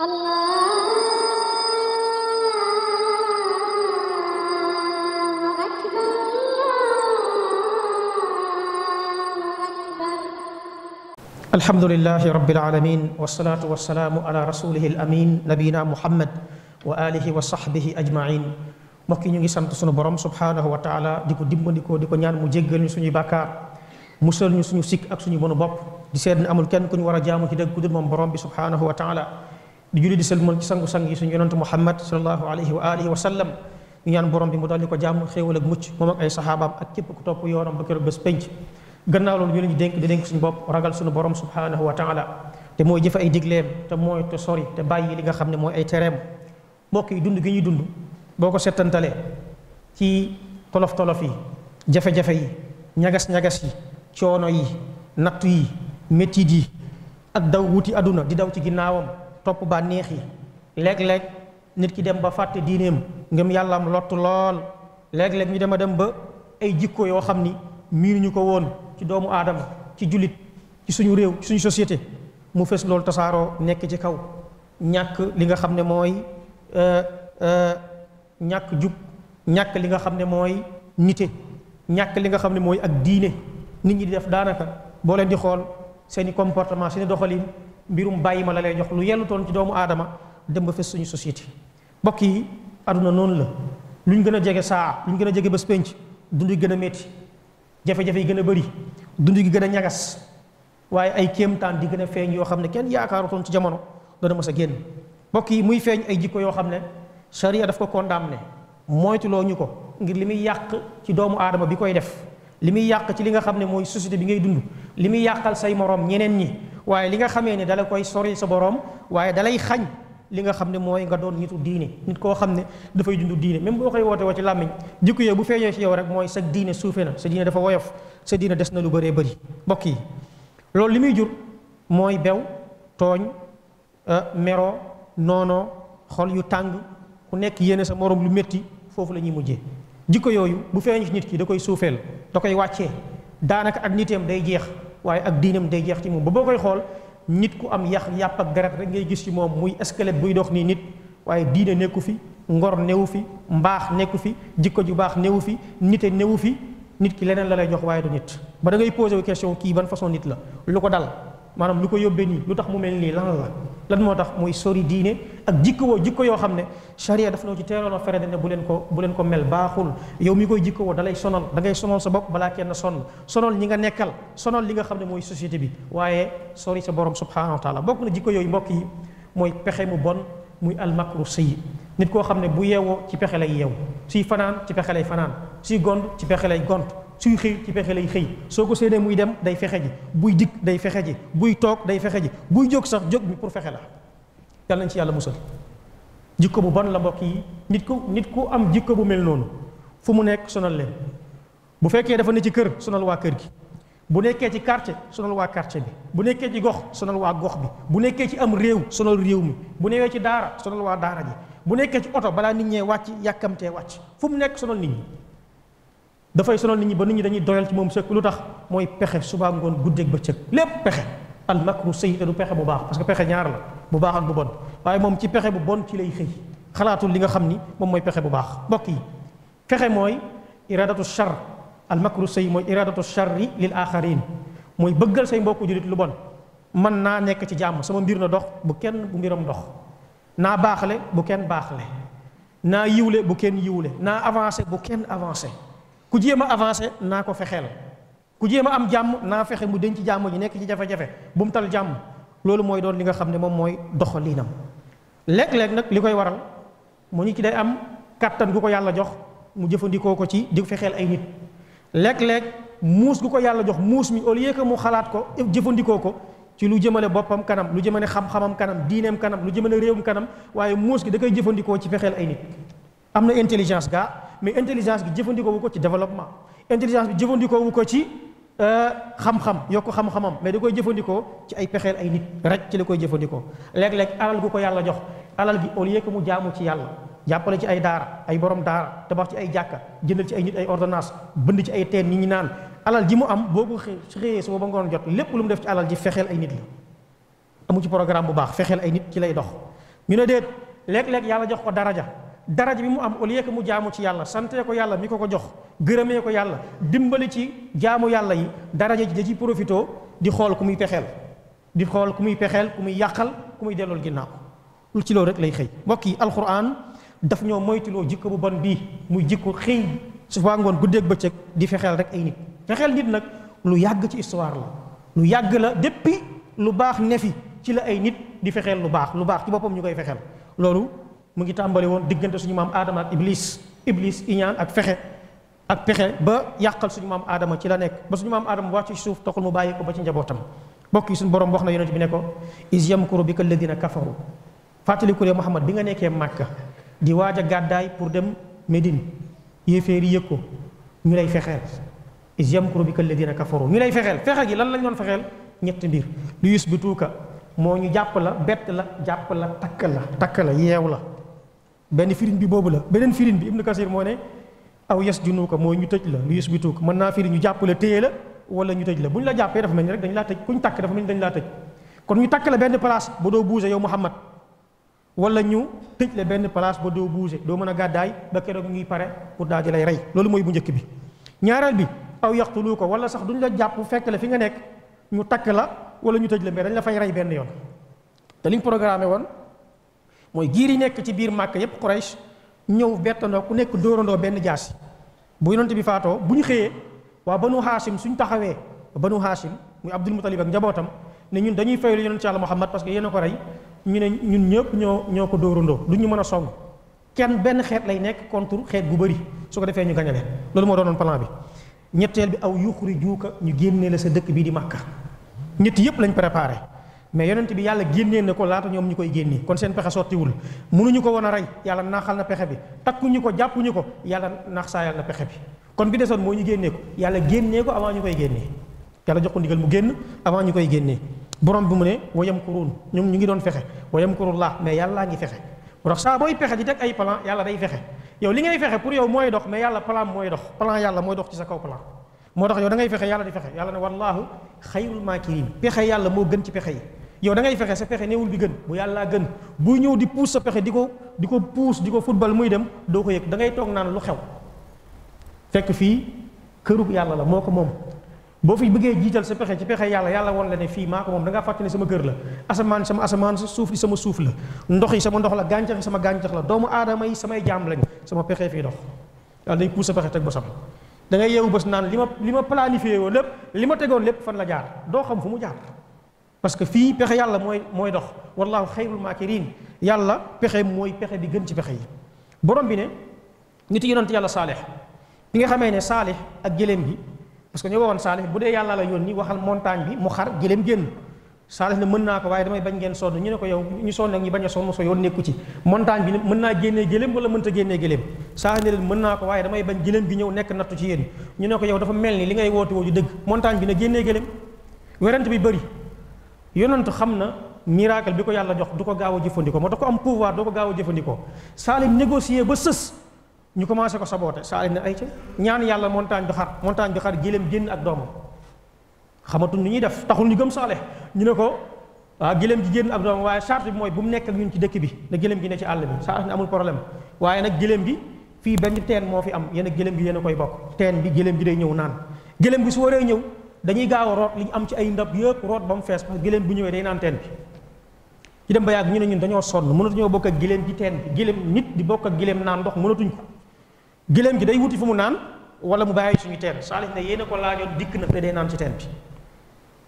الحمد لله رب العالمين والصلاة والسلام على رسوله الأمين نبينا محمد وآله وصحبه أجمعين مكي نيغي سانت سونو بروم سبحانه وتعالى ديكو ديمبانديكو ديكو نيان مو جيغل ني سونو باكار موسل ني سونو سيك اك سونو بونو بوب دي سيدنا امول كين كوني ورا جامو كي دك كودر موم بروم بي سبحانه وتعالى di julli di sëlmal ci sangu-sang yi suñu yonent Muhammad sallallahu alayhi wa alihi wa sallam ñu ñaan borom bi mu daal di ko jàmm xéewal ak mucc moom ak ay saxaabaam ak képp ku topp yoonam ba keroog bés penc gannaaw ñu leen di dénk di dénk suñu bopp ragal suñu borom subhanahu wa taala te mooy jëfe ay digleem te mooy te sori te bàyyi li nga xam ne mooy ay tereem mbokk yi dund gi ñuy dund boo ko settantalee ci tolof-tolof yi jafe-jafe yi ñagas-ñagas yi coono yi nattu yi métit yi ak daw wuti àdduna di daw ci ginnaawam top ba yi leg-leg nit ki dem ba dinem ngam yalla am lot lol leg leg ñu dem dem ba ay jikko yo xamni ni miinuñu ko ci doomu adam ci julit ci suñu rew ci suñu société mu fess lol tasaaroo nek ci kaw ñak li nga moy euh euh ñak jub ñak li nga xamne moy nité nite li nga xamne moy ak diiné nit ñi di def daanaka bo leen di xol seeni comportement seeni doxalin mbirum bàyyi ma la lay jox lu yellutoon ci doomu aadama dem ba fes suñu société mbokk yi aduna noonu la lu luñ gën a jege saa luñ gën a jege bés penc dund gi gën a métti jafe-jafe yi gën a bëri dund gi gën a ñagas waaye ay kéemtaan di gën a feeñ yoo xam ne kenn yaakaarutoon ci jamono dana mës a génn mbokk yi muy feeñ ay jikko yoo xam ne sharia daf ko ne moytuloo ñu ko ngir li muy yàq ci doomu aadama bi koy def li muy yàq ci li nga xam ne mooy société bi ngay dund li muy yàqal say moroom ñeneen ñi waaye li nga xamee ne dala koy sori sa borom waaye dalay xañ li nga xam ne mooy nga doon nitu diine nit koo xam ne dafay dund diine même boo koy woote woo ci làmmiñ jikko yooyu bu feeñee ci yow rek mooy sa diine suufe na sa diine dafa woyof sa diine des na lu bëree bëri mbokk yi loolu li muy jur mooy bew tooñ euh, mero noono xol yu tàng ku nekk yéene sa morom lu métti foofu la ñuy mujjee jikko yooyu bu feeñee ci nit ki da koy suufeel da koy wàccee daanaka ak niteem day jeex waaye ak diinam day jeex ci moom ba boo koy xool nit ku am yax yàpp ak deret rek ngay gis ci moom muy squelette buy dox nii nit waaye diine nekku fi ngor newu fi mbaax nekku fi jikko ju baax newu fi nite newu fi nit ki leneen la lay jox waaye du nit ba da ngay posé wu question kii ban façon nit la lu ko dal maanaam lu ko yóbbee nii lu tax mu mel nii lan la lan moo tax mooy sori diine ak jikko woo jikko yoo xam ne charia daf noo ci teeloon a fere ne bu leen ko bu leen ko mel baaxul yow mi koy jikko woo da lay sonal da ngay sonal sa bopp balaa kenn sonn sonal ñi nga nekkal sonal li nga xam ne mooy société bi waaye sori sa borom subhanahu wa taala bokk na jikko yooyu mbokk yi mooy pexe mu bon muy almakru sayyi nit koo xam ne bu yeewoo ci pexe lay yeew suy fanaan ci pexe lay fanaan suy gond ci pexe lay gont suy xëy ci fexe lay xëy soo ko séenee muy dem day fexe ji buy dikk day fexe ji buy toog day fexe ji buy jóg sax jóg bi pour fexe la yàlla nañ ci yàlla musal jikko bu ban la mbokk yi nit ku nit ku am jikko bu mel noonu fu mu nekk sonal lem bu fekkee dafa ne ci kër sonal waa kër gi bu nekkee ci quartier sonal waa quartier bi bu nekkee ci gox sonal waa gox bi bu nekkee ci am réew sonal réew mi bu newee ci daara sonal waa daara ji bu nekkee ci oto balaa nit ñee wàcc yàkkamtee wàcc fu mu nekk sonal nit ñi dafay sonal nit ñi ba nit ñi dañuy doyal ci moom sëkk lu tax mooy pexe subaa ngoon guddeeg bëccëg lépp pexe al makru sayyi du pexe bu baax parce que pexe ñaar la bu baaxal ak bu bon waaye moom ci pexe bu bon ci lay xëy xalaatul li nga xam ni moom mooy pexe bu baax mbokk yi pexe mooy iradatu char al makru sayyi mooy iradatu charri lil axarin mooy bëggal say mbokku julit lu bon mën naa nekk ci jàmm sama mbir na dox bu kenn bu mbiram dox naa baaxle bu kenn baaxle naa yiwle bu kenn yiwle naa avancé bu kenn avancé ku jéem a avancé naa ko fexeel ku jéem a am jàmm naa fexe mu denc jàmm ji nekk ci jafe-jafe bu mu tal jàmm loolu mooy doon li nga xam ne moom mooy doxalinam léeg-léeg nag li koy waral mu nit ki day am kàttan gu ko yàlla jox mu jëfandikoo ko ci di fexeel ay nit léeg-léeg muus gu ko yàlla jox muus mi au que mu xalaat ko jëfandikoo ko ci lu jëmale boppam kanam lu jëmale xam-xamam kanam diineem kanam lu jëmale réewum kanam waaye muus gi da koy jëfandikoo ci fexeel ay nit am na intelligence gaa mais intelligence bi jëfandikoo wu ko ci développement intelligence bi jëfandikoo ko ci euh, xam-xam yokk xam-xamam mais da koy jëfandikoo ci ay pexeel ay nit rek ci la koy jëfandikoo léeg-léeg alal gu ko yàlla jox alal gi au lieu que mu jaamu ci yàlla jàppale ci ay daara ay borom daara tabax ci ay jàkka jëndal ci ay nit ay ordonnance bënd ci ay teen nit ñi naan alal ji mu am boo ko xëyee suba ba ngoon jot lépp lu mu def ci alal ji fexeel ay nit amu ci programme bu baax fexeel ay nit ci lay dox léeg yàlla jox ko daraja daraja bi mu am au mu jaamu ci yalla santee ko yalla mi ko ko jox gërëmee ko yalla dimbali ci jaamu yalla yi daraja ji ci profito di xol kumuy pexel di xol kumuy pexel kumuy yakal, kumuy delol ginnaw lu ci lo rek lay xey mbokk yi alquran daf ñoo lo jikko bu bon bi muy jikko xey su ngon guddé ak di fexel rek ay nit fexel nit nak lu yagg ci histoire la lu yagg la depuis lu baax nefi ci la ay nit di fexel lu baax lu baax ci loru. ñukay fexel lolu mu ngi tambali won digënté suñu mam adam ak iblis iblis iñaan ak fexé ak pexé ba yakal suñu mam adam ci la nek ba suñu mam adam wàcc ci suuf tokul mu baye ko ba ci njabotam bokki suñu borom wax na bi ne ko yamkuru bika kafaru Muhammad bi nga nekké makka di waja gaday pour dem medine yéeféer yi ko ñu lay fexel iz yamkuru bika alladina kafaru ñu lay fexel fexe gi lan lañ doon fexel ñett mbir lu yus mo ñu japp la bet la japp la la la yew la ben firin bi bobu la benen firin bi ibnu kasir mo ne aw yes junuu ko ñu tejj la lu yes bituu ko mën naa firi ñu jàpp la téye la wala ñu tejj la buñ la jappé dafa melni rek dañ la tejj kuñ tak dafa melni dañ la tejj kon ñu tak la ben place bo do bouger yow Muhammad wala ñu tejj la ben place bo do bouger do meuna gaday ba keroog ngi pare pour daal di lay ray lolu moy bu ñëk bi ñaaral bi aw yaqtuluka wala sax duñ la jàpp fekk la fi nga nek ñu tak la wala ñu tejj la mais dañ la fay ray ben yoon te liñ programé won mooy giir yi nekk ci biir màkk yépp Quraysh ñëw bettandoo ku nekk dóorandoo benn jaasi bu yonent bi faatoo bu ñu xëyee waa banu haashim suñ taxawee ba banu haashim muy Abdul Mutalib ak njabootam ne ñun dañuy faylu yonent ci Yàlla Muhammad parce que yéen ko rey ñu ne ñun ñëpp ñoo ñoo ko dóorandoo du ñu mën a song kenn benn xeet lay nekk contre xeet gu bëri su ko defee ñu gañalee loolu moo doonoon plan bi ñetteel bi aw yuxrijuuka ñu génnee la sa dëkk bii di màkka ñett yépp lañ préparé mais yonent bi yàlla génnee ne ko laata ñoom ñu koy génnee kon seen pexe sottiwul mënuñu ko woon a rey yàlla naaxal na pexe bi takkuñu ko jàppuñu ko yàlla naax saayal na pexe bi kon bi desoon moo ñu génnee ko yàlla génnee ko avant ñu koy génnee yàlla jox ko ndigal mu génn avant ñu koy génnee borom bi mu ne wayam kuruun ñoom ñu ngi doon fexe wayam kuruun laa mais yàlla ngi fexe ndax saa booy pexe di teg ay plan yàlla day fexe yow li ngay fexe pour yow mooy dox mais yàlla plan mooy dox plan yàlla mooy dox ci sa kaw moo tax yow da ngay fexe yàlla di fexe yàlla ne wallaahu xayrul maakirin pexe yàlla moo gën ci pexe yi yow dangay fexe sa pexe néewul bi gën bu yàllaa gën buy ñëw di puus sa pexe di ko di ko puus di ko futbal muy dem doo ko yëg da ngay toog naan lu xew fekk fii këru yàlla la moo ko moom boo fi bëggee jiital sa pexe ci pexe yàlla yàlla woon la ne fii maa ko moom da ngaa sama kër la asamaan sama asamaan sa suuf di sama suuf la ndox yi sama ndox la gàncax yi sama gàncax la doomu aadama yi samay jaam lañ sama pexe fii dox day puus sa pexe teg bosam da ngay yeewu bés naan li ma li ma planifié woon lépp li ma tegoon lépp fan la jaar doo xam fu mu jaar parce que fii pexe yàlla mooy mooy dox wallaahu xayrul maakirin yàlla pexe mooy pexe bi gën ci pexe yi borom bi ne nit ci yàlla saalix bi nga xamee ne saalix ak jëléem bi parce que ñoo waxoon saalix bu dee yàlla la yónni waxal montagne bi mu xar gëléem génn saalif ne mën naa ko waaye damay bañ ngeen sonn ñu ne ko yow ñu sonn ak ñu bañ a sonn so yoon nekku ci montagne bi mën naa génnee gëléem wala mënta génnee gëléem saalif ne leen mën naa ko waaye damay bañ gëléem bi ñëw nekk nattu ci yéen ñu ne ko yow dafa mel ni li ngay woote wooju dëgg montagne bi na génnee gëléem werante bi bëri yonent xam na miracle bi ko yàlla jox du ko gaaw a jëfandikoo moo tax ko am pouvoir doo ko gaaw a jëfandikoo négocier ba sës ñu commencé ko saboté saalif ne ay ci ñaan yàlla montagne bi xar montagne bi xar gëléem génn ak doomam xamatuñ ñu ñuy def taxul ñu gëm salih ñu ne ko waaw ah, gëléem ji génn ab doom waaye charte bi mooy bu mu nekk ak ñun ci dëkk bi na gëléem gi ne ci àll bi charte ne amul problème waaye nag géléem gi fii benn teen moo fi am yéen a gëléem gi yéen a koy bokk teen bi gëléem gi day ñëw naan gëléem gi su waree ñëw dañuy gaaw a root li ñu am ci ay ndab yëpp root ba mu fees parce que gëléem bu ñëwee day naan teen bi ci dem ba yàgg ñu ne ñun dañoo sonn mënatuñoo bokk ak gëléem gi teen bi gëléem nit di bokk ak gëléem naan ndox mënatuñ ko gëléem gi day wuti fu mu naan wala mu bàyyi suñu teen saalih ne yéen a ko laajoon dikk na te day naan ci teen bi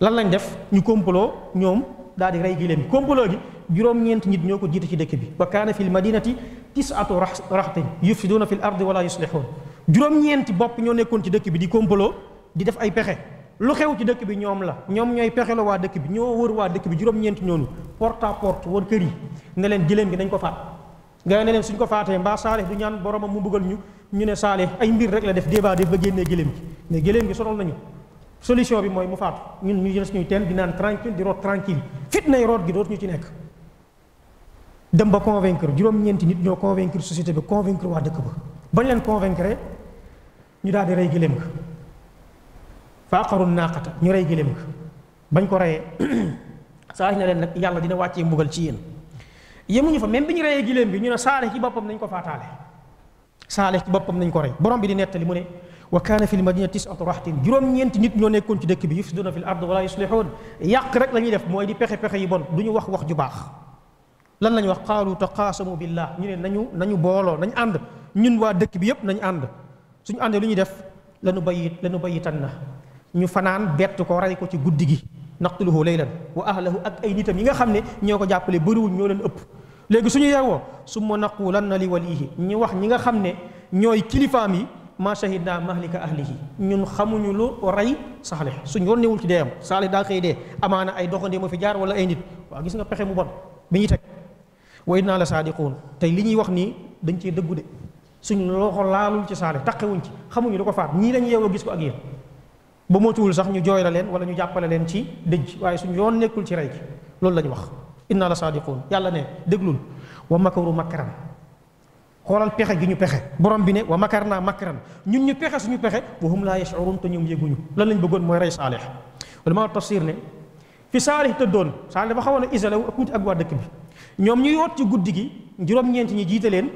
lan lañ def ñu complot ñoom daal di rey giléem yi complot gi juróom-ñeent nit ñoo ko jiite ci dëkk bi wa kaana fi l madinati tisatu raxtin yufsiduuna fi l ardi wala yuslixuun juróom-ñeenti bopp ñoo nekkoon ci dëkk bi di complot di def ay pexe lu xew ci dëkk bi ñoom la ñoom ñooy pexe la waa dëkk bi ñoo wër waa dëkk bi juróom-ñeenti ñoonu porte à porte wër kër yi ne leen giléem gi nañ ko faat nga ne leen suñ ko faatee mbaa saalix du ñaan boromam mu bëggal ñu ñu ne saalix ay mbir rek la def débat def ba génnee giléem gi ne gi sonal nañu solution bi mooy mu faatu ñun ñu jël suñuy teen di naan tranquille di root tranquille fitnay root gi dootu ñu ci nekk dem ba convaincre juróom-ñeenti nit ñoo convaincre société bi convaincre waa dëkk ba bañ leen convaincre ñu daal di rey gëléem ga faaqaru naaqata ñu rey gëléem bañ ko reyee saalix na leen nag yàlla dina wàccee mbugal ci yéen yemuñu fa même bi ñu reyee giléem bi ñu ne saalix ci boppam nañ ko faataale saalix ci boppam nañ ko rey borom bi di nettali mu ne وكان في المدينه تسعة رحت جروم نينت نيت ньо نيكون في دك بي يفسدون في الارض ولا يصلحون ياك رك لا ني ديف موي دي بخي بخي يبون دو ني واخ واخ جو باخ لان لا ني واخ قالوا تقاسموا بالله ني ني نانيو نانيو بولو ناني اند نين وا دك بي ييب ناني اند سوني اند لي ني ديف لا نو بايت لا نو بايتان ني فنان بيت كو راي كو سي غوديغي نقتله ليلا واهله اك اي نيتام ييغا خامني ньоكو جابلي بيرو ньо لن اوب لغي سوني ياو سوما نقولن لوليه ني واخ ньيغا خامني ньоي كليفامي ma maa shahidnaa mahlika ahlihi ñun xamuñu lu rey saalix suñ yoon newul ci dee am saalix daa xëy dee amaana ay doxandee ma fi jaar wala ay nit waa gis nga pexe mu bon bi ñuy teg wa innaa la saadiquun tey li ñuy wax nii dañ cee dëggu de suñ loxo laalul ci saalix taqewuñ ci xamuñu lu ko faat ñii lañ yeewoo gis ko ak yéen ba motuwul sax ñu jooy leen wala ñu jàppale leen ci dëj waaye suñu yoon nekkul ci rey gi loolu la ñu wax innaa la saadiquun yàlla ne déglul wa makaru makaran xolal pexé gi ñu pexé borom bi ne wa makarna makran ñun ñu pexé suñu pexé wa hum la yashurun te ñum yeguñu lan lañ bëggoon moy ray salih wala ma tafsir ne fi saalix tëddoon saalix dafa xawoon a wu ëpp ak wa dekk bi ñom ñu yoot ci guddi gi juróom ñi jité len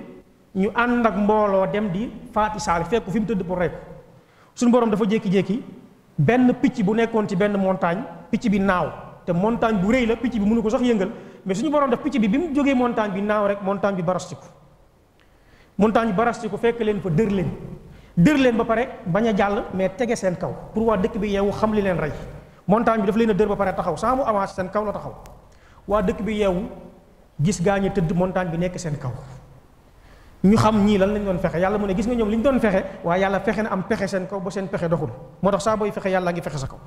ñu and ak mbolo dem di fati salih fekk fi mu tudd pour rek suñu borom dafa jéki jéki ben picci bu nekkon ci ben montagne pichi bi naaw te montagne bu reey la picci bi mënu ko sax yëngal mais suñu borom daf picci bi bimu joggé montagne bi naaw rek montagne bi barastiku montagne baras ci ko fekk leen fa dër leen dër leen ba pare baña jall mais tege seen kaw pour wa dëkk bi yewu xam li leen ray montagne bi daf leen a ba pare taxaw sa mu avance seen kaw la taxaw wa dëkk bi yewu gis gañu teud montagne bi nekk seen kaw ñu xam ñi lan lañ doon fexé yalla mu ne gis nga ñom liñ doon fexé wa yalla fexé na am pexé seen kaw bo seen pexé doxul motax sa boy fexé yalla yàlla ngi fexe sa kaw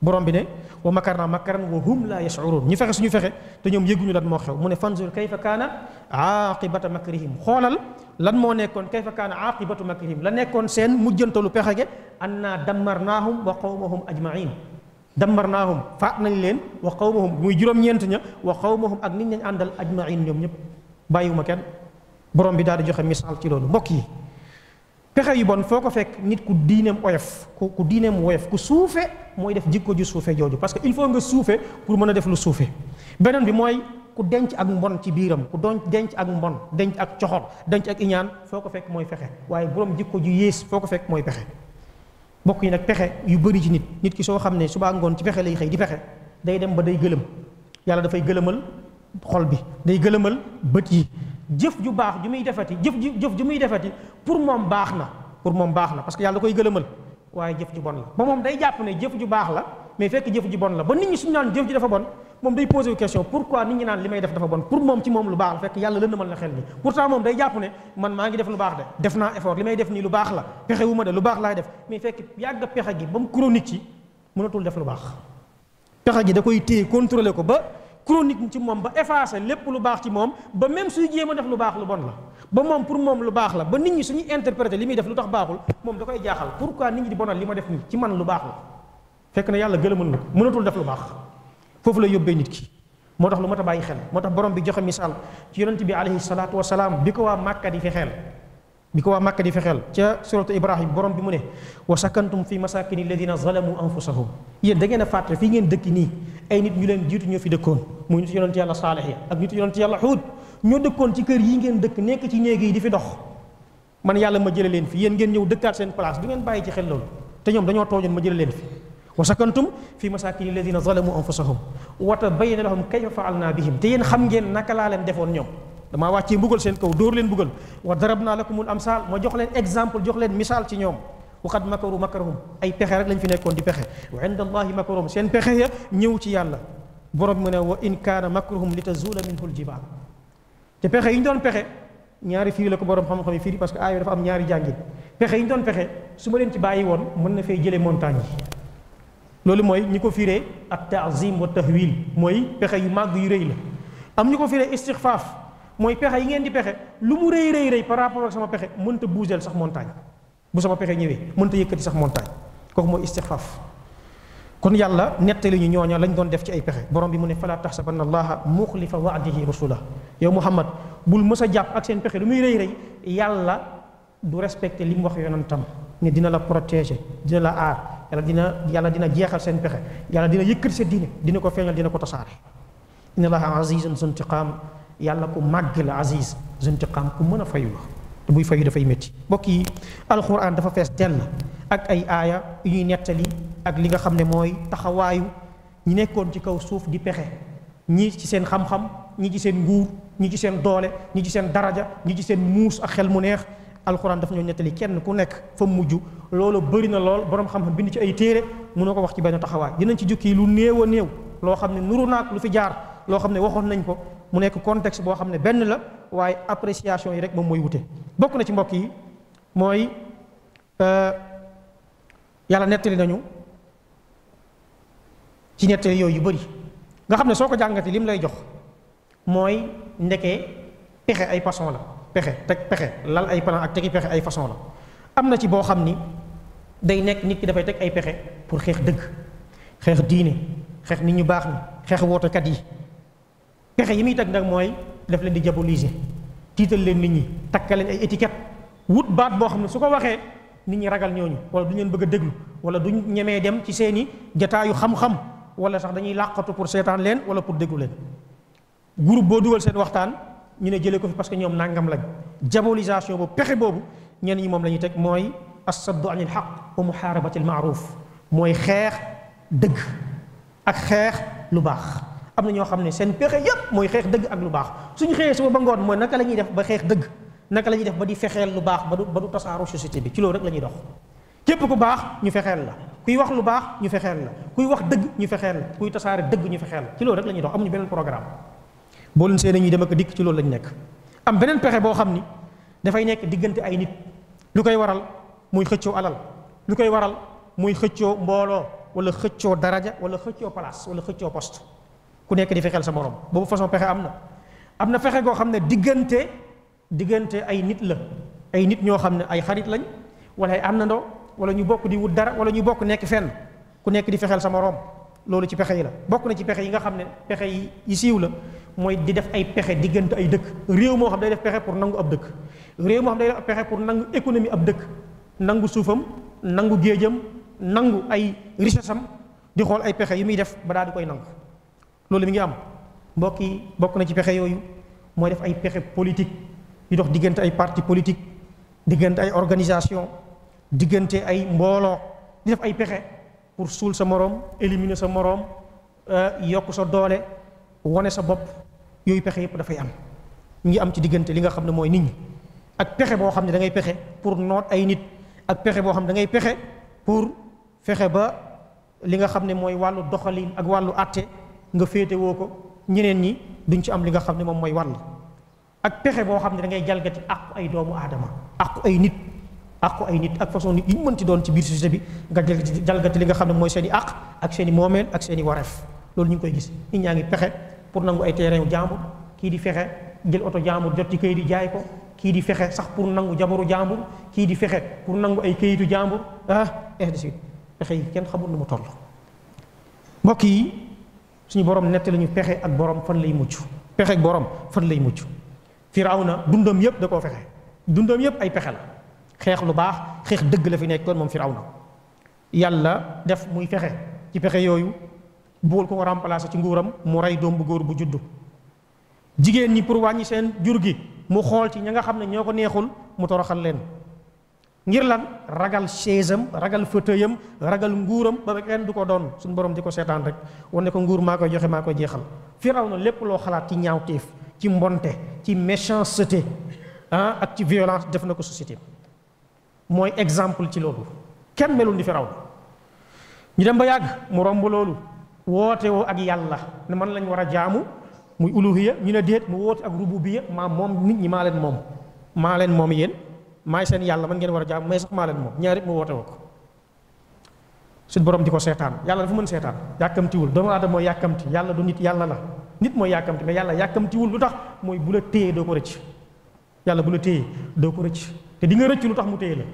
borom bi ne wa makarna makaran wa hum la yash'urun ñu fexé suñu fexé te ñom yeguñu dat mo xew mu ne fanzur kayfa kana aqibata makrihim xolal lan mo nekkon kayfa kana aqibatu makrihim la nekkon sen, mujjantolu pexage anna damarnahum wa qawmuhum ajmain damarnahum. fa nañ len wa qawmuhum muy juróom ñent ña wa qawmuhum ak nit ñañ andal ajmain ñom ñep bàyyiwuma ken borom bi daal joxe misal ci lolu mbokk yi pexe yu bon foko fek nit ku diineem oyef ku ku diineem oyef ku suufe moy def jikko ju suufe jooju parce que il faut nga suufe pour mën def lu suufe benen bi moy ku denc ak mbon ci biiram ku doon denc ak mbon denc ak coxor denc ak iñaan foo ko fekk mooy fexe waaye borom jikko ju yées foo ko fekk mooy pexe bokk yi nag pexe yu bëri ci nit nit ki soo xam ne subaa ngoon ci pexe lay xëy di pexe day dem ba day gëlëm yàlla dafay gëlëmal xol bi day gëlëmal bët yi jëf ju baax ju muy defati jëf ju jëf ju muy defati pour moom baax na pour moom baax na parce que yàlla koy gëlëmal waaye jëf ju bon la ba moom day jàpp ne jëf ju baax la mais fekk jëf ju bon la ba nit ñi suñu naan jëf ji dafa bon mom day posé question pourquoi nit ñi naan limay def dafa bon pour mom ci mom lu baax la fekk yàlla lëndamal na xel ni pourtant mom day jàpp ne man ma ngi def lu baax de def na effort limay def ni lu baax la pexe wu de lu baax lay def mais fekk yag pexe gi bam chronique ci mënatul def lu baax pexe gi da koy téy contrôler ko ba chronique ci mom ba effacer lépp lu baax ci mom ba même suñu jema def lu baax lu bon la ba mom pour mom lu baax la ba nit ñi suñu interpréter limay def lu tax baaxul mom da koy jaxal pourquoi nit ñi di bonal li def ni ci man lu baax la fekk na yàlla gëlemul mënatul def lu baax fofu la yobbe nit ki motax lu mata bayyi xel motax borom bi joxe misal. ci yonent bi alayhi salatu wassalam bi wa makka di fi bi biko wa makka di xel ci suratu ibrahim borom bi muné wa sakantum fi masakini alladhina zalamu anfusahum yéen da ngeen a fi fii ngeen dëkk nii ay nit ñu leen jitu ñoo fi dëkkoon muy nit yonent yàlla ak nit yonent yalla hud ñoo dekkon ci kër yi ngeen dekk nek ci neegi di fi dox man yalla ma jële leen fi yeen ngeen ñew dekkat seen place du ngeen bayyi ci xel lool te ñom dañoo toñu ma leen fi وسكنتم في مساكن الذين ظلموا انفسهم وتبين لهم كيف فعلنا بهم تين خم نكالا نكلا لم ديفون نيوم دما واتي بوغل سين كو دور لين بوغل وضربنا لكم الامثال ما جوخ لين اكزامبل جوخ لين مثال سي نيوم وقد مكروا مكرهم اي بخير رك لا في نيكون دي بخير وعند الله مكرهم سين بخير نيو سي يالا بروم من وان كان مكرهم لتزول منه الجبال تي بخير ني دون بخير ñaari fi la ko borom xam xam fi parce que ayu dafa am ñaari jangit pexe yi ñu doon pexe suma leen ci bàyyi woon mën na fay loolu mooy ñi ko firee ak taazim wa tahwil mooy pexe yu màgg yu rëy la am ñu ko firee istixfaaf mooy pexe yi ngeen di pexe lu mu rëy rëy rëy par rapport ak sama pexe mënta buusel sax montagne bu sama pexe ñëwee mënta yëkkati sax montagne kooku mooy istixfaaf kon yàlla nettali ñu ñooña lañ doon def ci ay pexe borom bi mu ne fala taxsabanna allaha muxlifa waadihi rusula yow muhammad bul mës a jàpp ak seen pexe lu muy rëy rëy yàlla du respecté lim wax yonentam ne dina la protéger dina la aar yàlla dina yàlla dina jeexal seen pexe yàlla dina yëkkati seen diine dina ko feeñal dina ko tasaare inna allaha azizun zuntiqaam yàlla ku màgg la aziz zuntiqaam ku mën a fayu la te buy fayu dafay metti mbokk yi alquran dafa fees dell ak ay aaya yu ñuy nettali ak li nga xam ne mooy taxawaayu ñu nekkoon ci kaw suuf di pexe ñii ci seen xam-xam ñii ci seen nguur ñii ci seen doole ñii ci seen daraja ñii ci seen muus ak xel mu neex alxuraan daf ñoo nettali kenn ku nekk fa mujj loolu bëri na lool borom xam-xam bind ci ay téere mënoo ko wax ci benn taxawaay dinañ ci jukki lu néew a néew loo xam ne nuru naak lu fi jaar loo xam ne waxoon nañ ko mu nekk contexte boo xam ne benn la waaye appréciation yi rek moom mooy wute bokk na ci mbokk yi mooy euh, yàlla nettali nañu ci nettali yooyu yu bëri nga xam ne soo ko jàngatee lim lay jox mooy ndeke pexe ay façon la pexe teg pexe lal ay plan ak tegi pexe ay façon la am na ci boo xam ni day nekk nit ki dafay teg ay pexe pour xeex dëgg xeex diine xeex nit ñu baax ni xeex wootekat yi pexe yi muy teg nag mooy def leen di diaboliser tiital leen nit ñi takkal leen ay étiquette wut baat boo xam ne su ko waxee nit ñi ragal ñooñu wala du ñu leen bëgg a déglu wala du ñemee dem ci seeni jataayu xam-xam wala sax dañuy làqatu pour seetaan leen wala pour déglu leen ñu ne jëlee ko fi parce que ñoom nangam lañ diabolisation boobu pexe boobu ñenn ñi moom la ñuy teg mooy assaddu anil xaq wa muxaarabati al maaruf mooy xeex dëgg ak xeex lu baax am na ñoo xam ne seen pexe yépp mooy xeex dëgg ak lu baax suñu xëyee suba ba ngoon mooy naka lañuy def ba xeex dëgg naka la ñuy def ba di fexeel lu baax ba du ba du tasaaru société bi ci loolu rek la ñuy dox képp ku baax ñu fexeel la kuy wax lu baax ñu fexeel la kuy wax dëgg ñu fexeel kuy tasaare dëgg ñu fexeel ci loolu rek la ñuy dox amuñu beneen programme boo leen see dañuy dem ak dikk ci loolu nekk am beneen pexe boo xam ni dafay nekk diggante ay nit lu koy waral muy xëccoo alal lu koy waral muy xëccoo mbooloo wala xëccoo daraja wala xëccoo place wala xëccoo poste ku nekk di fexeel sa morom boobu façon pexe am na am na fexe goo xam ne diggante diggante ay nit la ay nit ñoo xam ne ay xarit lañ wala ay àndandoo wala ñu bokk di wut dara wala ñu bokk nekk fenn ku nekk di fexeel sa morom loolu ci pexe yi la bokk na ci pexe yi nga xam ne pexe yi yi siiw la moy di def ay pexé digënté ay dëkk réew mo xam day def pexé pour nangu ab dëkk réew mo xam day def pexé pour nangu économie ab dëkk nangu suufam nangu géejam nangu ay richesse di xol ay pexé yu muy def ba daal di koy nangu loolu mi ngi am mbokk yi bokk na ci pexé yooyu moy def ay pexé politique yu dox digënté ay parti politique digënté ay organisation digënté ay mbolo di def ay pexé pour suul sa morom éliminer sa euh yok sa doole woné sa bop yoy pexé yépp fay am ngi am ci digënté li nga xamné moy nit ñi ak pexé bo xamné da ngay pexé pour note ay nit ak pexé bo xamné da ngay pexé pour fexé ba li nga xamné moy walu doxali ak walu atté nga fété woko ñeneen ñi duñ ci am li nga xamné mom moy wal ak pexé bo xamné da ngay jalgati ak ay doomu adama ak ay nit ak ay nit ak façon nit mën ci doon ci biir société bi nga jalgati li nga xamné moy seeni ak ak seeni momel ak seeni waref lolou ñu koy gis nit ñaa ngi pour nangu ay terrain wu jàmbur kii di fexe jël oto jàmbur jot ci këyit di jaay ko kii di fexe sax pour nangu jabaru jàmbur kii di fexe pour nangu ay këyitu jàmbur ah ainsi de suite pexe yi kenn xamul nu mu toll. mbokk yi suñu borom nett lañu pexe ak borom fan lay mucc pexe ak borom fan lay mucc Firawna dundam yëpp da koo fexe dundam yëpp ay pexe la xeex lu baax xeex dëgg la fi nekkoon moom Firawna yàlla def muy fexe ci pexe yooyu. bëggoon ko ko remplacer ci nguuram mu ray dom bu góor bu juddu jigen ñi pour wañi seen jur gi mu ci ñinga xamne ñoko neexul mu toroxal leen ngir lan ragal chaisam ragal fauteuilam ragal nguuram ba kenn du ko don sun borom di setan rek woné ko nguur mako joxe mako koy firawna lepp lo lépp kim xalaat ci ñaawteef ci mbonté ci méchanceté ah ak ci violence def na ko société moy exemple ci lolu kenn melul ni firawna ñu dem ba yag mu romb lolu wote wo ak yalla ne man lañ wara jaamu muy uluhiya ñu ne deet mu wote ak rububiya ma mom nit ñi ma leen mom ma leen mom yeen seen yalla man ngeen wara jaamu may sax ma leen mom ñaar mu wote wako suñ borom diko setan, yalla dafa mën seetaan yàkkamtiwul doomu adam mooy yakamti yalla du nit yalla la nit mooy yakamti mais yalla yakamti lu lutax moy bu la teye do ko recc yalla bu la teye do ko recc te di nga recc lu mu teye la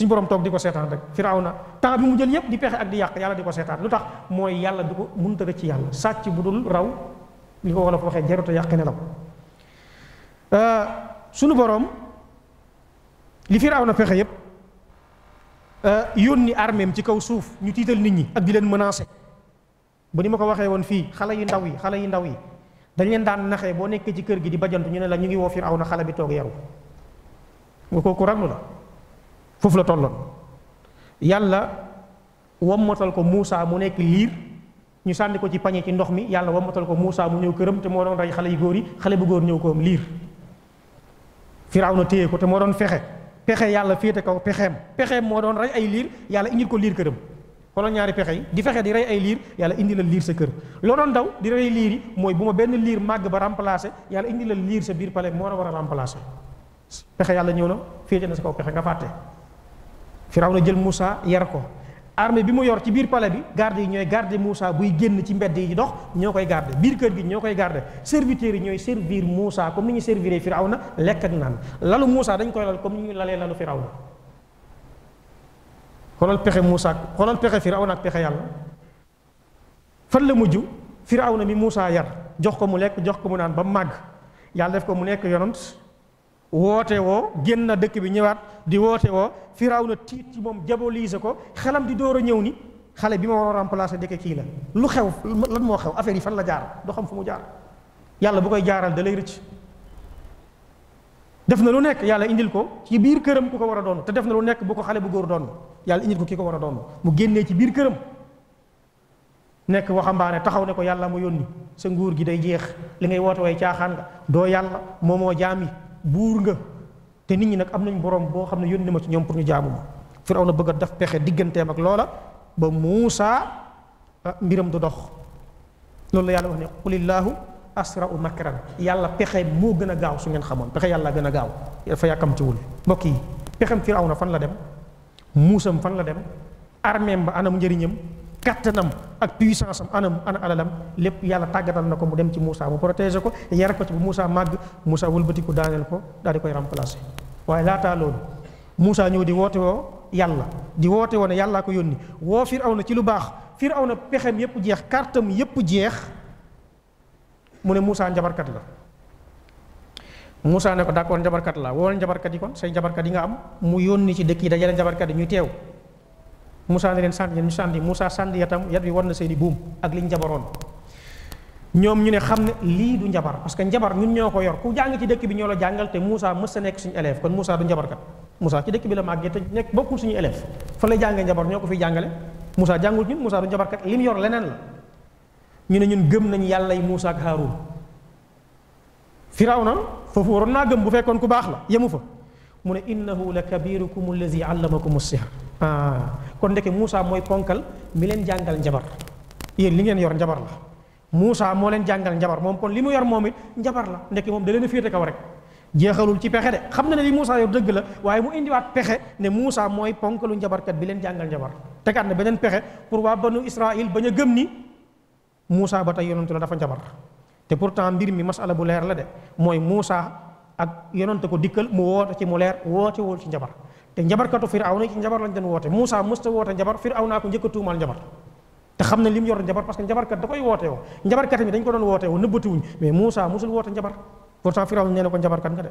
suñ borom tok di ko rek firawna ta bi mu jël yépp di pexe ak di yak yalla di ko lutax moy yalla duko ci yalla sacc budul raw li ko wolof yak ne law euh suñu borom li firawna pexe yépp euh, yoni armem ci kaw suuf ñu tital nit ñi ak di leen menacer bu ni mako ko won fi xala xale yu ndaw yi xala yu ndaw yi dañ leen daan naxé bo nekk ci kër gi di bajantu ñu ne la ñu ngi wo firawna xala bi tok yaru ko ko ragnu la foofu la tolloon yàlla wammatal ko Moussa mu nekk liir ñu sànni ko ci pañe ci ndox mi yàlla wammatal ko muusa mu ñëw këram te moo doon rey xale yu góor yi xale bu góor ñëw ko am liir na téye ko te moo doon fexe pexe yàlla féete kaw pexeem pexeem moo doon rey ay liir yàlla indil ko liir këram xoolal ñaari pexe yi di fexe di rey ay liir yàlla indi la liir sa kër loo doon daw di rey liir yi mooy bu ma benn liir màgg ba remplacer yàlla indi la liir sa biir pale moo war a remplacer pexe yàlla ñëw na féete na nga fàtte na jël Moussa yar ko armée bi mu yor ci biir palais bi garde yi ñooy garde Moussa buy génn ci mbedd yi dox ñoo koy garde biir kër gi ñoo koy garde serviteurs yi ñooy servir Moussa comme ni ñu serviree Firawna lekk ak naan lalu Moussa dañ koy lal comme ni ñu lalee lalu Firawna xoolal pexe Moussa xoolal pexe Firawna ak pexe yàlla fan la mujj na mi Moussa yar jox ko mu lekk jox ko mu naan ba màgg yàlla def ko mu nekk yonant wote wo génn dekk bi ñewat di wote wo firawna titi ci jabolise ko xalam di dooro ñew ni xale bi ma waroon remplacer dekk ki la lu xew lan mo xew affaire yi fan la jaar do xam fu mu jaar yalla bu koy jaaral da rëcc def na lu nekk yalla indil ko ci biir kërëm ku ko wara doon te def na lu nekk bu ko xale bu goor doon yalla indil ko ki ko wara doon mu genné ci biir këram nekk waxambaane taxaw ne ko yalla mu yoni sa nguur gi day jeex li ngay wote way caaxaan nga buur nga te nit ñi nak am nañ borom bo xam yonni ma ci ñom pour ñu jaamu ma firaw bëgg a def pexe digganteem ak loola ba Musa ah, mbiram du dox loolu la yalla wax ni qulillahu asrau makran Yalla pexé mo gëna gaaw su ngeen xamoon pexe yàlla gën gaaw dafa yàkkamtiwul mbokk yi fan la dem muusam fan la dem armeem ba anam katanam ak puissance am anam ana alalam lepp yalla tagatal nako mu dem ci Moussa mu protéger ko yar ko ci bu Moussa màgg Moussa ko daaneel ko dal di koy remplacer la ta Moussa di wote wo yalla di wote wona yalla ko yónni wo fir'awna na ci lu bax fir'awna na pexem yep jeex kartam yep jeex mu ne Moussa kat la Moussa ne ko d'accord kat la njabar kat di kon say kat yi nga am mu yónni ci dekk yi dajale njabar kat ñu tew Musa ne len sànni ñu Musa Moussa yatam yat bi won na seeni boom ak liñ jabaroon ñom ñu ne xamne li du njabar parce que njabar ñun ñoko yor ku jang ci dekk bi ñoo la te Musa mësa nek suñu élève kon Musa du kat Musa ci dekk bi la magge te nek bokku suñu élève fa lay jangé njabar ñoko Musa jangalé Musa jangul ñun Musa du kat lim yor lenen la ñu ne ñun gëm nañ Yalla yi Musa ak Harun Firawna fofu gëm bu fekkon ku bax la yemu fa mu ne innahu la kabirukum allazi allamakum sihr ah kon ndeke Moussa mooy ponkal mi leen jàngal njabar yéen li ngeen yor njabar la Moussa moo leen jàngal njabar moom kon li mu yor moom it njabar la ndeke moom da leen a féete kaw rek jeexalul ci pexe de xam na ne li Moussa yor dëgg la waaye mu indiwaat pexe ne Moussa mooy ponkalu njabarkat bi leen jàngal njabar tegaat na beneen pexe pour waa banu Israil bañ a gëm ni Moussa ba tey yonantu la dafa njabar te pourtant mbir mi masala bu leer la de mooy Moussa ak yonante ko dikkal mu woote ci mu leer woote wul ci njabar te njabarkatu firawna ci njabar lañ doon woote Moussa musta woote njabar firawna ko njëkk a li mu yor njabar parce que njabarkat da koy woote woo nee na ko njabarkat nga de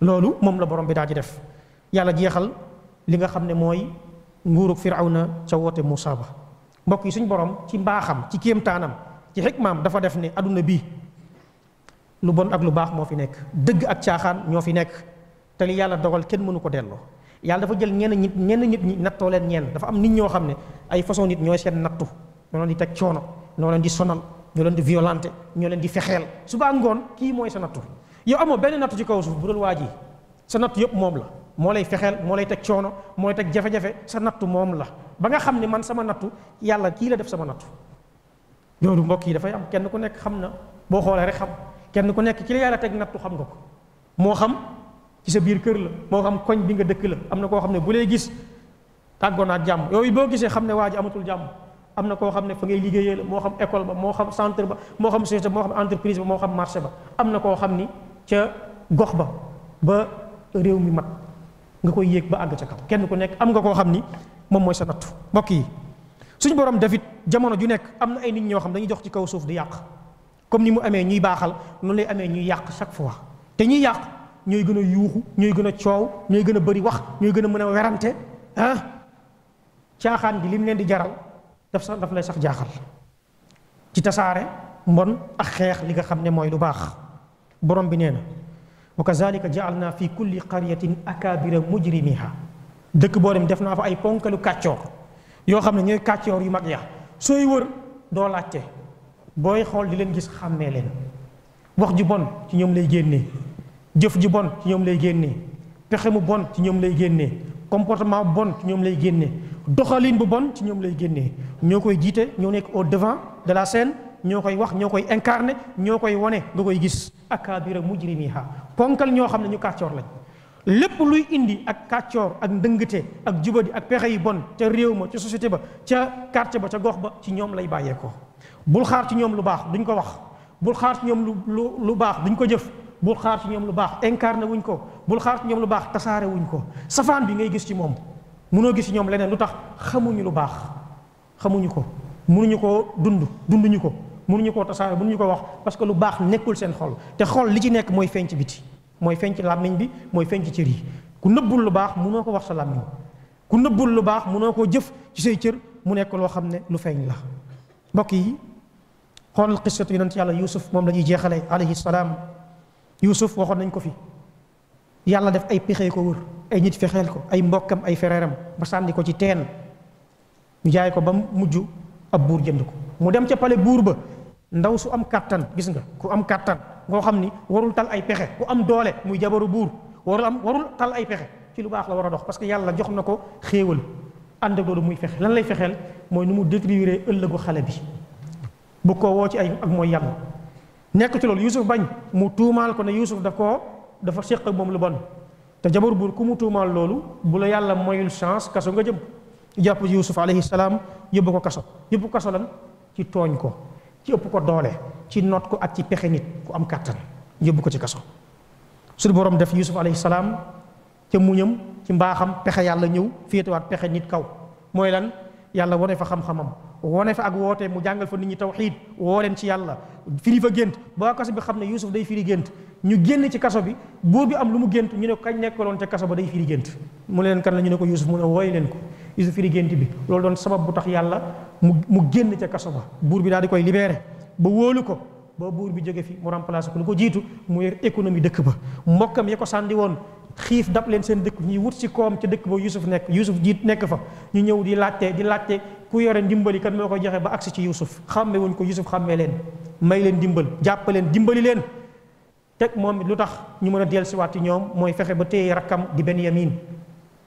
loolu moom la borom bi daa di def yàlla jeexal li nga xam ne mooy nguurug na ca woote Moussa ba mbokk yi suñ borom ci mbaaxam ci kéemtaanam ci xikmaam dafa def ne aduna bii lu bon ak lu baax moo fi nekk dëgg ak caaxaan ñoo fi nekk te li yàlla dogal kenn mënu ko delloo yàlla dafa jël ñenn ñit ñenn nit ñi nattoo leen ñenn dafa am nit ñoo xam ne ay façon nit ñooy seen nattu ñoo leen di teg coono ñoo leen di sonal ñoo leen di violenté ñoo leen di fexeel suba ngoon kii mooy sa nattu yow amoo benn nattu ci kaw suuf bu dul waa ji sa nattu yëpp moom la moo lay fexeel moo lay teg coono moo lay teg jafe-jafe sa nattu moom la ba nga xam ne man sama nattu yàlla kii la def sama nattu loolu mbokk yi dafay am kenn ku nekk xam na boo xoolee rek xam kenn ku nekk ci la yàlla teg nattu xam nga ko moo xam ci sa biir kër la moo xam koñ bi nga dëkk la am na koo xam ne bu lay gis tàggoo naa jàmm yooyu boo gisee xam ne waa ji amatul jàmm am na koo xam ne fa ngay liggéeyee moo xam école ba moo xam centre ba moo xam société moo xam entreprise ba moo xam marché ba am na koo xam ni ca gox ba ba réew mi mat nga koy yéeg ba àgg ca kaw kenn ku nekk am nga koo xam ni moom mooy sa nattu mbokk yi suñu borom dafit jamono ju nekk am na ay nit ñoo xam dañuy jox ci kaw suuf di yàq comme ni mu amé ñuy baxal nu lay amé ñuy yaq chaque fois té ñuy yaq ñoy gëna yuuxu ñoy gëna ciow ñoy gëna gën bëri wax ñoy gëna mëna wéranté hein chaaxaan ah lim leen di jaral daf sax daf lay sax jaaxal ci tassaré mbon ak xex li nga xamné moy lu bax borom bi néna na wa kazalika jaalna fi kulli qaryatin akabira mujrimiha dëkk boo dem def fa ay ponkalu kacior yo xam ñoy kacior yu mag ya soy wër do laccé booy xool di leen gis xàmmee leen wax ju bon ci ñoom lay génne jëf ju bon ci ñoom lay génne pexe mu bon ci ñoom lay génne comportement bon ci ñoom lay génnee doxalin bu bon ci ñoom lay génnee ñoo koy jiite ñoo nekk au devant de la scène ñoo koy wax ñoo koy incarné ñoo koy wane nga koy gis akaabira mujrimiha ponkal ñoo xam ne ñu kàccoor lañ lépp luy indi ak kàccoor ak ndëngte ak jubadi ak pexe yi bon ca réew ma ca société ba ca quartier ba ca gox ba ci ñoom lay bàyyeekoo bul xaar ci ñoom lu baax duñ ko wax bul xaar ci ñoom lu lu lu baax duñ ko jëf bul xaar ci ñoom lu baax incarné wuñ ko bul xaar ci ñoom lu baax tasaare wuñ ko safaan bi ngay gis ci moom mënoo gis ci ñoom leneen lu tax xamuñu lu baax xamuñu ko mënuñu koo dund dunduñu ko mënuñu koo tasaare mënuñu ko wax parce que lu baax nekkul seen xol te xol li ci nekk mooy feeñ ci biti mooy feeñ làmmiñ bi mooy fenc ci cër yi ku nëbbul lu baax mënoo ko wax sa làmmiñ ku nëbbul lu baax mënoo koo jëf ci mu nekk loo xam ne lu feeñ la mbokk yi xoolal qissatu yonent yàlla Youssouf moom la ñuy jeexalee alayhi salaam Youssouf waxoon nañ ko fi yàlla def ay pexe ko wër ay nit fexeel ko ay mbokkam ay fereeram ba sànni ko ci teen ñu jaay ko ba mu mujj ab buur jënd ko mu dem ca pale ba ndaw su am katan gis nga ku am katan go xamni warul tal ay pexe ku am doole muy jabaru bur warul am warul tal ay pexe ci lu bax la wara dox parce que yàlla jox nako xéewal ànd ak muy fexe lan lay fexel moy nu mu détruire ëllëgu xale bi. bu ko woo ci ay ak mooy yàlla nekk ci loolu Yuusuf bañ mu tuumaal ko ne Yuusuf daf koo dafa séq ak moom lu bon te jabar buur ku mu tuumaal loolu bu la yàlla moyul chance kaso nga jëm jàpp Yuusuf alayhi salaam yóbbu ko kaso yóbbu ko kaso lan ci tooñ ko ci ëpp ko doole ci noot ko ak ci pexe nit ku am kàttan yóbbu ko ci kaso su borom def Yuusuf alayhi salaam ca muñam ci mbaaxam pexe yàlla ñëw féetewaat pexe nit kaw mooy lan yàlla wane fa xam-xamam wone fa ak wootee mu jàngal fa nit ñi tawxiid woo leen ci yàlla firi fa gént ba kaso bi xam ne Yuusuf day firi gént ñu génn ci kaso bi buur bi am lu mu gént ñu ne ko kañ nekkaloon ca kaso ba day firi gént mu ne leen kan la ñu ne ko Yuusuf mu ne wooy leen ko Yuusuf firi gént bi loolu doon sabab bu tax yàlla mu mu génn ca kaso ba buur bi daal di koy libéré ba wóolu ko boo buur bi jóge fi mu remplacé ko lu ko jiitu mu yor économie dëkk ba mbokkam ya ko sàndi woon xiif dab leen seen dëkk ñuy wut si koom ca dëkk ba Youssouf nekk Youssouf jiit nekk fa ñu ñëw di laajte di laajte ku yore ndimbali kan moo ko joxe ba agsi ci Youssouf xàmme wuñ ko Youssouf xàmmee leen may leen dimbal jàpp leen dimbali leen teg moom it lu tax ñu mën a dellusiwaat ci ñoom mooy fexe ba téye rakkam di Benyamin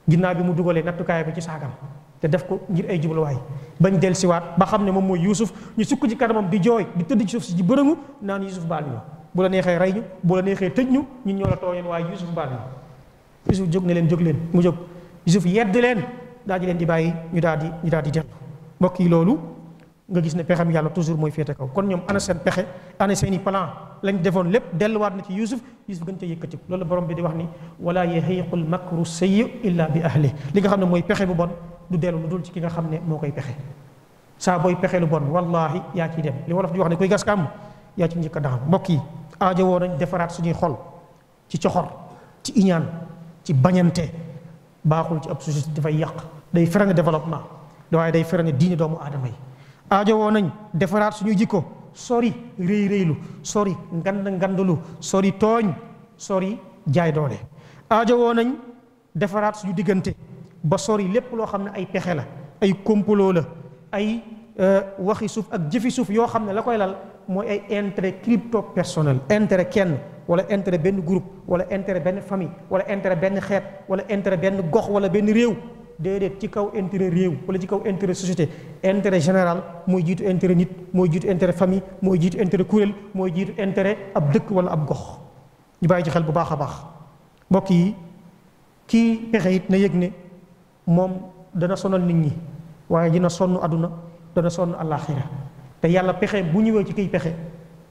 ginnaaw bi mu dugalee nattukaay ba ci saakam te def ko ngir ay jubluwaay bañ dellusiwaat ba xam ne moom mooy Youssouf ñu sukk ci kanamam di jooy di tëdd ci suuf si di bërëngu naan baal bu la neexee rey ñu neexee tëj ñu ñun ñoo la tooñoon waaye Youssouf baal ñu Yusuf jóg ne leen jóg leen mu jóg Yusuf yedd leen daal di leen di bàyyi ñu daal di ñu daal di dellu mbokk yi loolu nga gis ne pexam yàlla toujours mooy féete kaw kon ñoom ana seen pexe ana seen i plan lañ defoon lépp delluwaat na ci Yusuf Yusuf gën ca yëkkati loolu borom bi di wax ni wala yahiqul makru sayyi illa bi ahli li nga xam ne mooy pexe bu bon du dellu lu dul ci ki nga xam ne moo koy pexe saa booy pexe lu bon wallahi yaa ciy dem li wolof di wax ne kuy gas kaam yaa ci njëkk a daxam yi aajo woo nañ defaraat suñuy xol ci coxor ci iñaan ci bañante baaxul ci ab société dafay yàq day freiné développement waaye day freiné diine doomu aadama yi aajo woo nañ defaraat suñu jikko sori réy réylu sori ngand ngandalu sori tooñ sori jaay doole aajo woo nañ defaraat suñu diggante ba sori lépp loo xam ne ay pexe la ay complot la ay euh, waxi suuf ak jëfi suuf yoo xam ne la koy lal mooy ay intérêt crypto personnel intérêt kenn wala intérêt benn group wala intérêt benn famille wala intérêt benn xeet wala intérêt benn gox wala benn réew déedéet ci kaw intérêt réew wala ci kaw intérêt société intérêt général mooy jiitu intérêt nit mooy jiitu intérêt famille mooy jiitu intérêt kuréel mooy jiitu intérêt ab dëkk wala ab gox ñu bàyyi ci xel bu baax a baax mbokk yi kii pexe it na yëg ne moom dana sonal nit ñi waaye dina sonn àdduna dana sonn àllaaxira te yàlla pexe bu ñëwee ci kiy pexe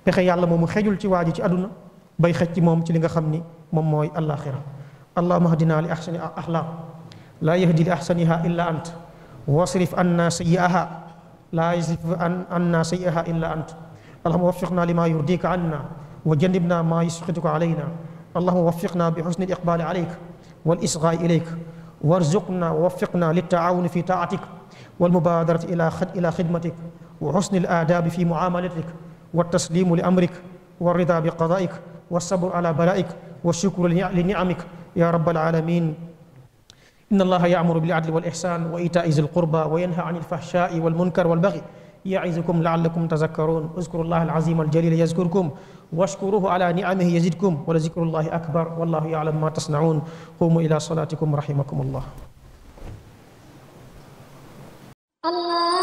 pexe yàlla moomu xejul ci waa ci aduna bay xej ci moom ci li nga xam ni moom mooy allaaxira allahuma ahdinaa li axsani axlaaq la yahdi li axsaniha illa ant wasrif anna sayyi'aha la yasrif anna sayyi'aha illa ant allahuma waffiqnaa limaa yurdika anna wa janibnaa maa yusqituka alaynaa allahuma waffiqnaa bi xusni liqbaali alayk wal isgaai ilayk warzuqnaa waffiqnaa liltaawuni fi taatik walmubaadarati ila xidmatik وحسن الآداب في معاملتك والتسليم لأمرك والرضا بقضائك والصبر على بلائك والشكر لنعمك يا رب العالمين إن الله يأمر بالعدل والإحسان وإيتاء ذي القربى وينهى عن الفحشاء والمنكر والبغي يعظكم لعلكم تذكرون اذكروا الله العظيم الجليل يذكركم واشكروه على نعمه يزدكم ولذكر الله أكبر والله يعلم ما تصنعون قوموا إلى صلاتكم رحمكم الله الله